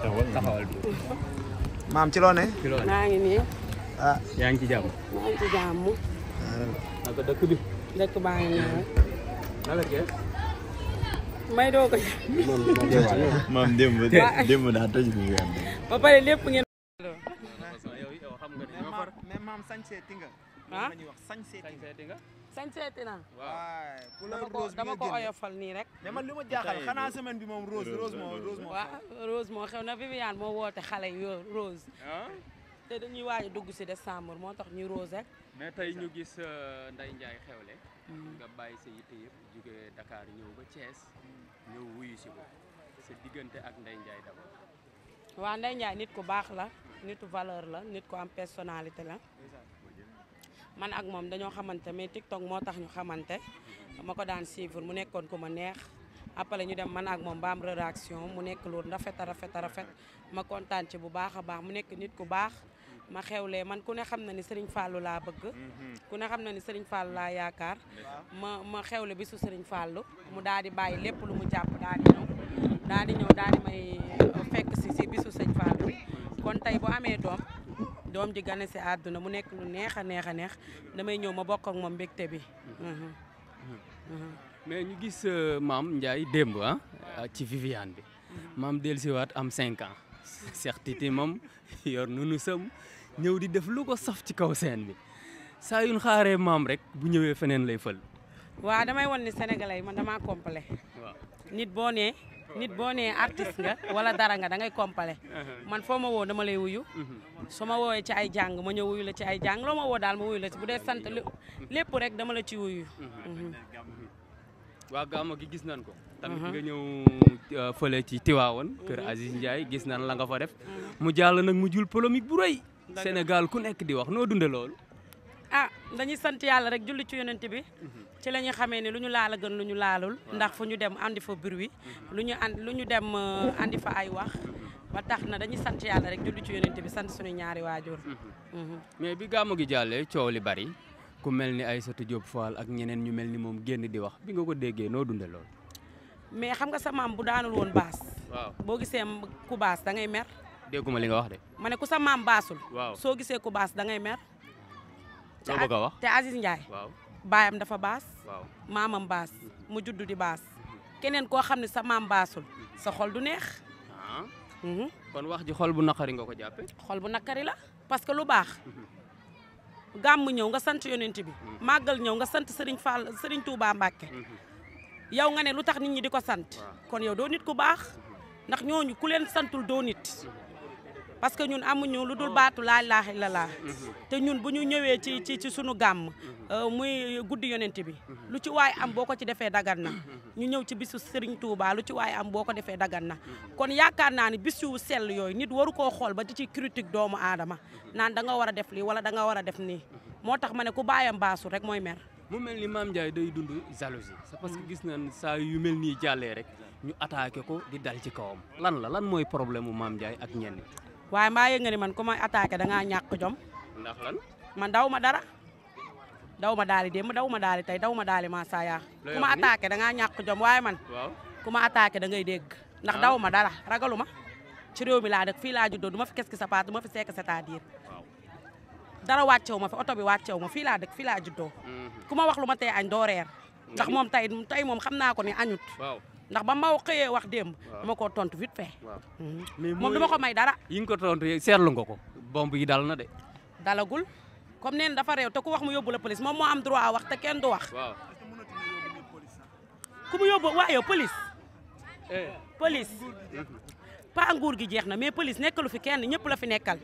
taxawal bi maam ci loo maa ngi nii. ah yaa ngi ci jàmm. maa ngi ci jàmm. naka baa ngi nii. naka kee. may doo ko. maam démb démb daa toj bi nga am. ba pare lépp ngeen. maam sañ seeti nga. sañ seeti naa. waaw couleur rose bi dama ko oyofal nii rek. mais man li ma jaaxal xanaa semaine bi moom rose moo rose moo. waaw rose moo xew na Viviane moo woote xale yooyu rose. Ah? te dañuy waaj a dugg si décembre moo tax ñu rose rek. mais tey ñu gis euh, Ndeye xew le mm. nga bàyyi sa yitte yëpp jóge Dakar ñëw ba cees ñëw wuyu si ko sa diggante ak Ndeye Ndiaye d'abord. waaw Ndeye Ndiaye nit ku baax la. nitu valeur la nit ku am personnalité la. man ak moom dañoo xamante mais TikTok moo tax ñu xamante ma ko daan suivre mu nekkoon ku ma neex après ñu dem man ak moom ba am réaction mu nekk loolu rafet a rafet a rafet ma kontaan ci bu baax a baax mu nekk nit ku baax ma xewlee man ku ne xam na ni Serigne Fallou laa bëgg. Mm-hmm. ku ne xam na ni Serigne Fallou laa yaakaar. ma ma xewle bisu Serigne Fallou mu daal di bàyyi lépp lu mu jàpp daal di ñëw daal di ñëw may fekk si bisu Serigne Fallou bi kon tey bu amee doom. doom ji gane si àdduna mu nekk lu neex a neex a neex damay ñëw ma bokk ak moom mbégte bi. Uh-huh. mais ñu gis euh, maam Ndiaye démb ah euh, ci Viviane bi maam dellusiwaat am 5 ans Cheikh Titi moom yor nunu sëm ñëw di def lu ko saf ci kaw seen bi saa yu xaaree maam rek bu ñëwee feneen lay fël. waaw damay won ni sénégalais man damaa complet nit boo nee nit boo nee artiste nga wala dara nga da ngay compale uh-huh. man foo ma woo dama lay wuyu uh-huh. su ma woowee ci ay jàng ma ñëw wuyu la ci ay jàng loo ma woo daal ma wuyu la ci bu dee sant uh-huh. lépp rek dama la ci wuyu waa gàmmu gi gis nañ ko tamit nga ñëw uh, fële ci Tiwaawoon kër Aziz Ndiaye gis nañ la nga fa def mu jàll nag mu jul polémique bu rëy Sénégal ku nekk di wax noo dunde lool dañuy sant yàlla rek julli ci yonent bi ci la ñuy xamee ne lu ñu laal a gën lu ñu laalul ndax fu ñu dem andi fa bruit mhm. lu ñu and lu ñu dem euh, andi fa ay wax mhm. ba tax na dañu sant yàlla rek julli ci yonent bi sant suñu ñaari waajur mhm. mais bi gàmmu gi jàllee coow li bari ku mel ni ay Aïssatou Diop Fall ak ñeneen ñu mel ni moom génn di wax bi nga ko déggee noo dunde lool mais xam nga sa maam bu daanul woon baas waaw boo gisee ku baas da ngay mer dégguma li nga wax de ma ne ku sa maam loo bëgg wax te Aziz Ndiaye baayam dafa baas maamam baas mm-hmm. mu juddu di baas keneen koo xam ne sa maam baasul sa xol du neex ah. mm-hmm. kon wax ji xol bu naqari nga ko jàppe xol bu naqari la parce que lu baax mm-hmm. gàmm ñëw nga sant yonent bi màggal ñëw nga sant Serigne Fall Serigne Touba Mbacke yow nga ne lu tax nit ñi di ko sant kon yow doo nit ku baax ndax ñooñu ku leen santul doo nit parce que ñun amuñu lu dul oh. baatu laa ilaaha illallaah mm-hmm. te ñun bu ñu ñëwee ci ci ci sunu gàmm mm-hmm. euh, muy guddi yonent bi mm-hmm. lu ci waay am boo ko ci defee dagana ñu ñëw ci bisu Serigne ci waay am boo ko defee dagan na kon yaakaar naa ni bis yu yooyu nit waru koo xool ba di ci critique doomu aadama naan da nga war a def lii wala da nga war a def nii moo tax ma ne ku bàyyam baasu rek mooy mer mu mel ni Mame Ndiaye day dund jalousie c'est parce que gis nañ saa yu mel nii jàllee rek ñu attaqué ko di dal ci kawam lan la lan mooy problème mu Mame Ndiaye ak ñenn waaye maa yëg nga ni man ku may attaqué da ngaa ñàkk jom. ndax lan man daw ma dara. daw ma daali démb daw ma daali tey daw ma daali maasaayaa. ku ma attaqué danga ngaa ñàkk jom waaye man. waaw ku ma attaqué da ngay dégg. ndax ah. daw ma dara ragalu ma. ci réew mi laa dëkk fii laa juddoo du ma fi kes ki sapaat du ma fi sekk c'est-à-dire dara wàccewu ma fi oto bi wàccewu ma fii laa dëkk fii laa juddoo. Mhm. ku ma wax lu ma tee añ doo reer. ndax moom tey tey moom xam naa ko ni añut. ndax ba maw xëyee wax démb. ma koo tontu vite fait. Mhm. mais moom dama ko may dara. yi nga ko tontu seetlu nga ko. bomb yi dal na de. dalagul comme neen dafa réew te ku wax mu yóbbu la police moom moo am droit wax te kenn du wax. waaw ku mu yóbbu waa yow eh. gi jeex na mais police nekkalu fi kenn ñëpp la fi nekkal.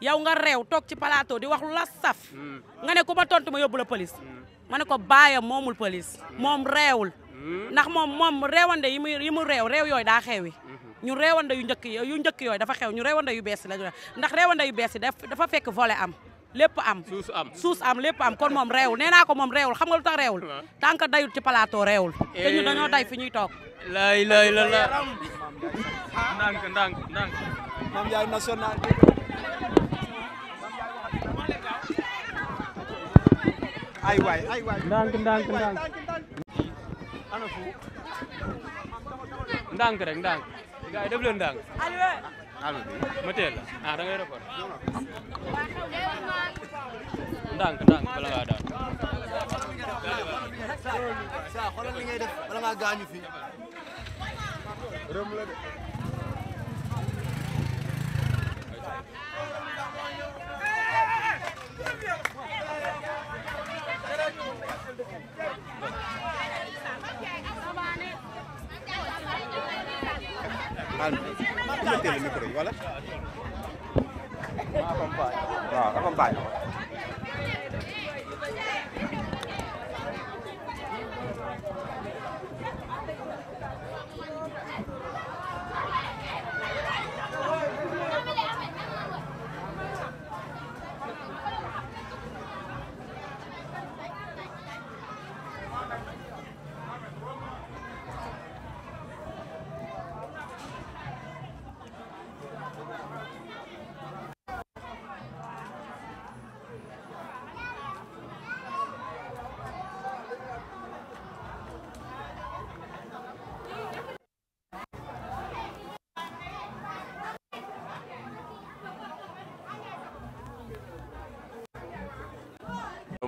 yow nga rew toog ci plateau di wax lu la saf. Mm. nga ne ku ma tontu ma yóbbu la police. Mm. ma ne ko baayam moomul police. Mm. moom réewul. Mm-hmm. ndax moom moom réewande yi mu yi mu réew réew yooyu daa xewi mm-hmm. ñu réewande yu njëkk yu njëkk yooyu dafa xew ñu réewande yu bees yi la ndax réewande yu bees yi dafa fekk volet am lépp am suus am suus am lépp am kon moom réewul nee naa ko moom réewul xam nga lu tax réewul tant que dayul ci plateau réewul te ñu eh. dañoo day fu ñuy toog laay laay la la ana fu ndànk rek ndànk gars yi def leen ndànk allo ma teel la ah da ngay record ndànk ndànk bala ngaa daan sa xoolal li ngay def bala ngaa gaañu fii rëm la de téye micro yi wala. waaw accompagne waaw accompagne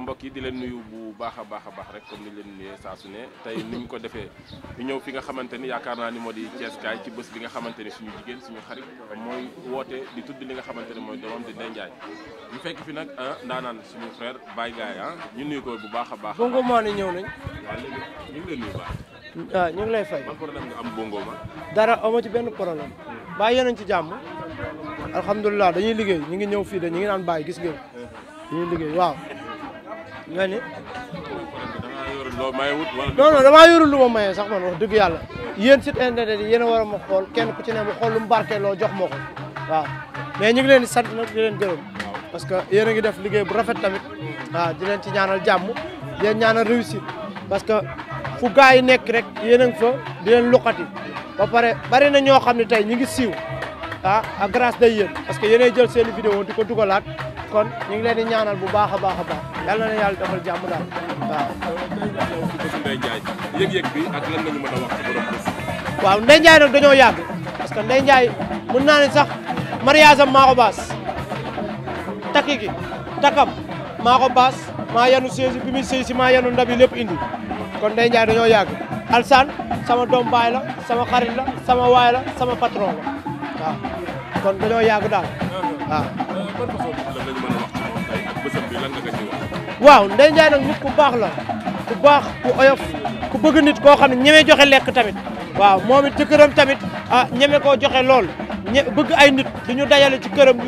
mbokk yi di leen nuyu bu baax a baax a baax rek comme ni leen nuyee saa su ne tey ni ñu ko defee ñu ñëw fi nga xamante ni yaakaar naa ni moo di Ceeskaay ci bés bi nga xamante ni suñu jigéen suñu xarit mooy woote di tudd li nga xamante ni mooy doomam di Ndeye Ndiaye ñu fekk fi nag ah, ndaanaan suñu frère Baye Gaye ah ñu nuyu bu baax a baax. bongo maa ñëw nañ. waaw léegi ah, ñu ngi lay fay. ban problème nga am bongo ma. dara amoo ci benn problème. bàyyi yéen ci jàmm. alhamdulilah dañuy liggéey ñu ngi ñëw fii de ñu ngi naan bàyyi gis ngeen eh, eh. dañuy liggéey waaw nga ni. non damaa yorul lu ma maye sax man wax dëgg yàlla yéen site internet yi yéen a war ma xool kenn ku ci ne mu xool lu mu barkeeloo jox ma ko waaw mais ñu ngi leen di sant nag di leen gërëm parce que yéen a ngi def liggéey bu rafet tamit waaw di leen ci ñaanal jàmm di ñaanal réussite parce que fu gars yi nekk rek yéen a ngi fa ba pare bari na ñoo xam ne tey ñu ngi siiw ah grâce day yéen parce que yéenay jël seen vidéo di ko dugalaat kon ñu ngi leen di ñaanal bu baax a baax a baax yal na leen yàlla defal jàmm daal waaw. Ndeye Ndiaye waaw Ndeye Ndiaye nag dañoo yàgg parce que Ndeye Ndiaye mën naa sax mariage am maa ko baas takki gi takkam baas maa yanu séesi bi muy séesi maa yanu ndab yi lépp indi kon Ndeye Ndiaye dañoo yàgg alsan sama doom baay la sama xarit la sama waay sama patron la kon dañoo yàgg daal waaw Ndeye Ndiaye nag nit ku baax la ku baax ku oyof ku bëgg nit koo xam ne ñemee joxe lekk tamit waaw moom it ci këram tamit ah ñeme koo joxe lool ñe bëgg ay nit di dajale ci këram.